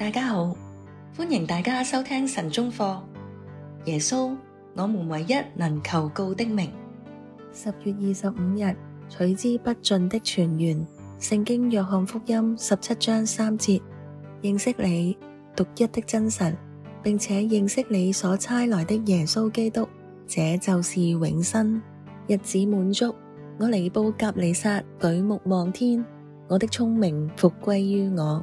大家好，歡迎大家收聽晨鐘課。耶穌，我們唯一能求告的名。十月二十五日，取之不盡的泉源。聖經約翰福音十七章三節，認識你獨一的真實，並且認識你所差來的耶穌基督，這就是永生，日子滿足。我尼布甲尼撒舉目望天，我的聰明復歸於我。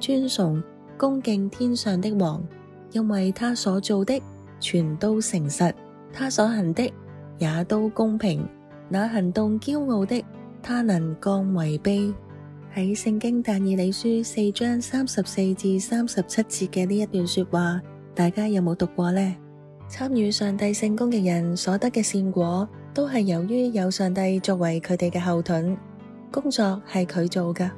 尊崇恭敬天上的王，因為他所做的全都誠實，他所行的也都公平。那行動驕傲的，他能降為卑。喺聖經但以理書四章三十四至三十七節嘅呢一段說話，大家有冇讀過呢？參與上帝聖工嘅人所得嘅善果，都係由於有上帝作為佢哋嘅後盾，工作係佢做㗎。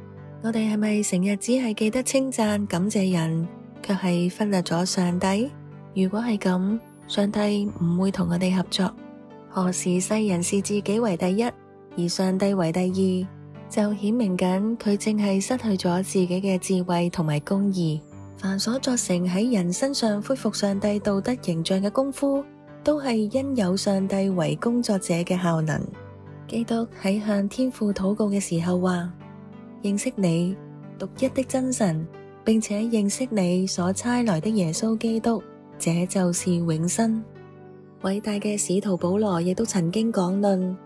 我哋係咪成日只係記得稱讚、感謝人，卻係忽略咗上帝？如果係咁，上帝唔會同我哋合作。何時世人視自己為第一，而上帝為第二，就顯明緊佢淨係失去咗自己嘅智慧同埋公義。凡所作成喺人身上恢復上帝道德形象嘅功夫，都係因有上帝為工作者嘅效能。基督喺向天父禱告嘅時候話。認識你獨一的真神，並且認識你所差來的耶穌基督，這就是永生。偉大嘅使徒保羅亦都曾經講論：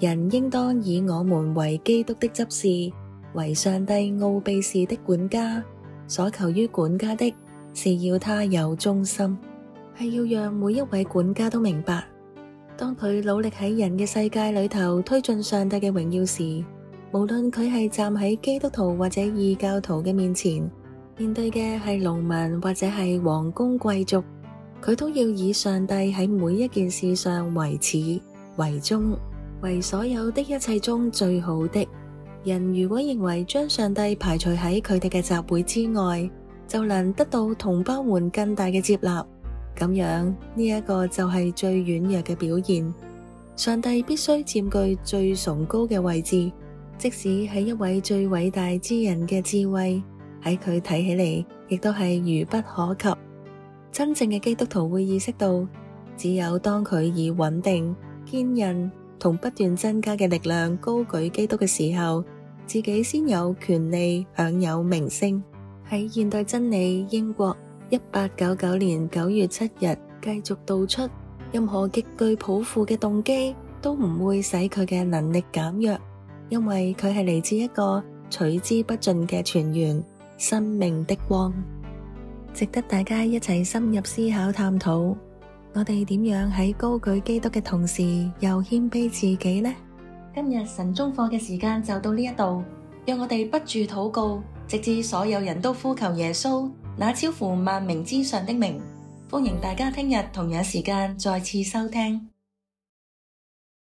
人應當以我們為基督的執事，為上帝奧秘事的管家。所求於管家的，是要他有忠心，係要讓每一位管家都明白，當佢努力喺人嘅世界裏頭推進上帝嘅榮耀時，無論佢係站喺基督徒或者異教徒嘅面前，面對嘅係農民或者係王公貴族，佢都要以上帝喺每一件事上為始為終，為所有的一切中最好的。人如果認為將上帝排除喺佢哋嘅集會之外，就能得到同胞們更大嘅接納，咁樣呢一個就係最軟弱嘅表現。上帝必須佔據最崇高嘅位置。即使係一位最偉大之人嘅智慧喺佢睇起嚟，亦都係愚不可及。真正嘅基督徒會意識到，只有當佢以穩定、堅韌同不斷增加嘅力量高舉基督嘅時候，自己先有權利享有名聲。喺現代真理，英國一八九九年九月七日，繼續道出任何極具抱負嘅動機都唔會使佢嘅能力減弱。因為佢係嚟自一個取之不盡嘅泉源，生命的光，值得大家一齊深入思考探討。我哋點樣喺高舉基督嘅同時，又謙卑自己呢？今日神中課嘅時間就到呢一度，讓我哋不住禱告，直至所有人都呼求耶穌，那超乎萬名之上的名。歡迎大家聽日同樣時間再次收聽。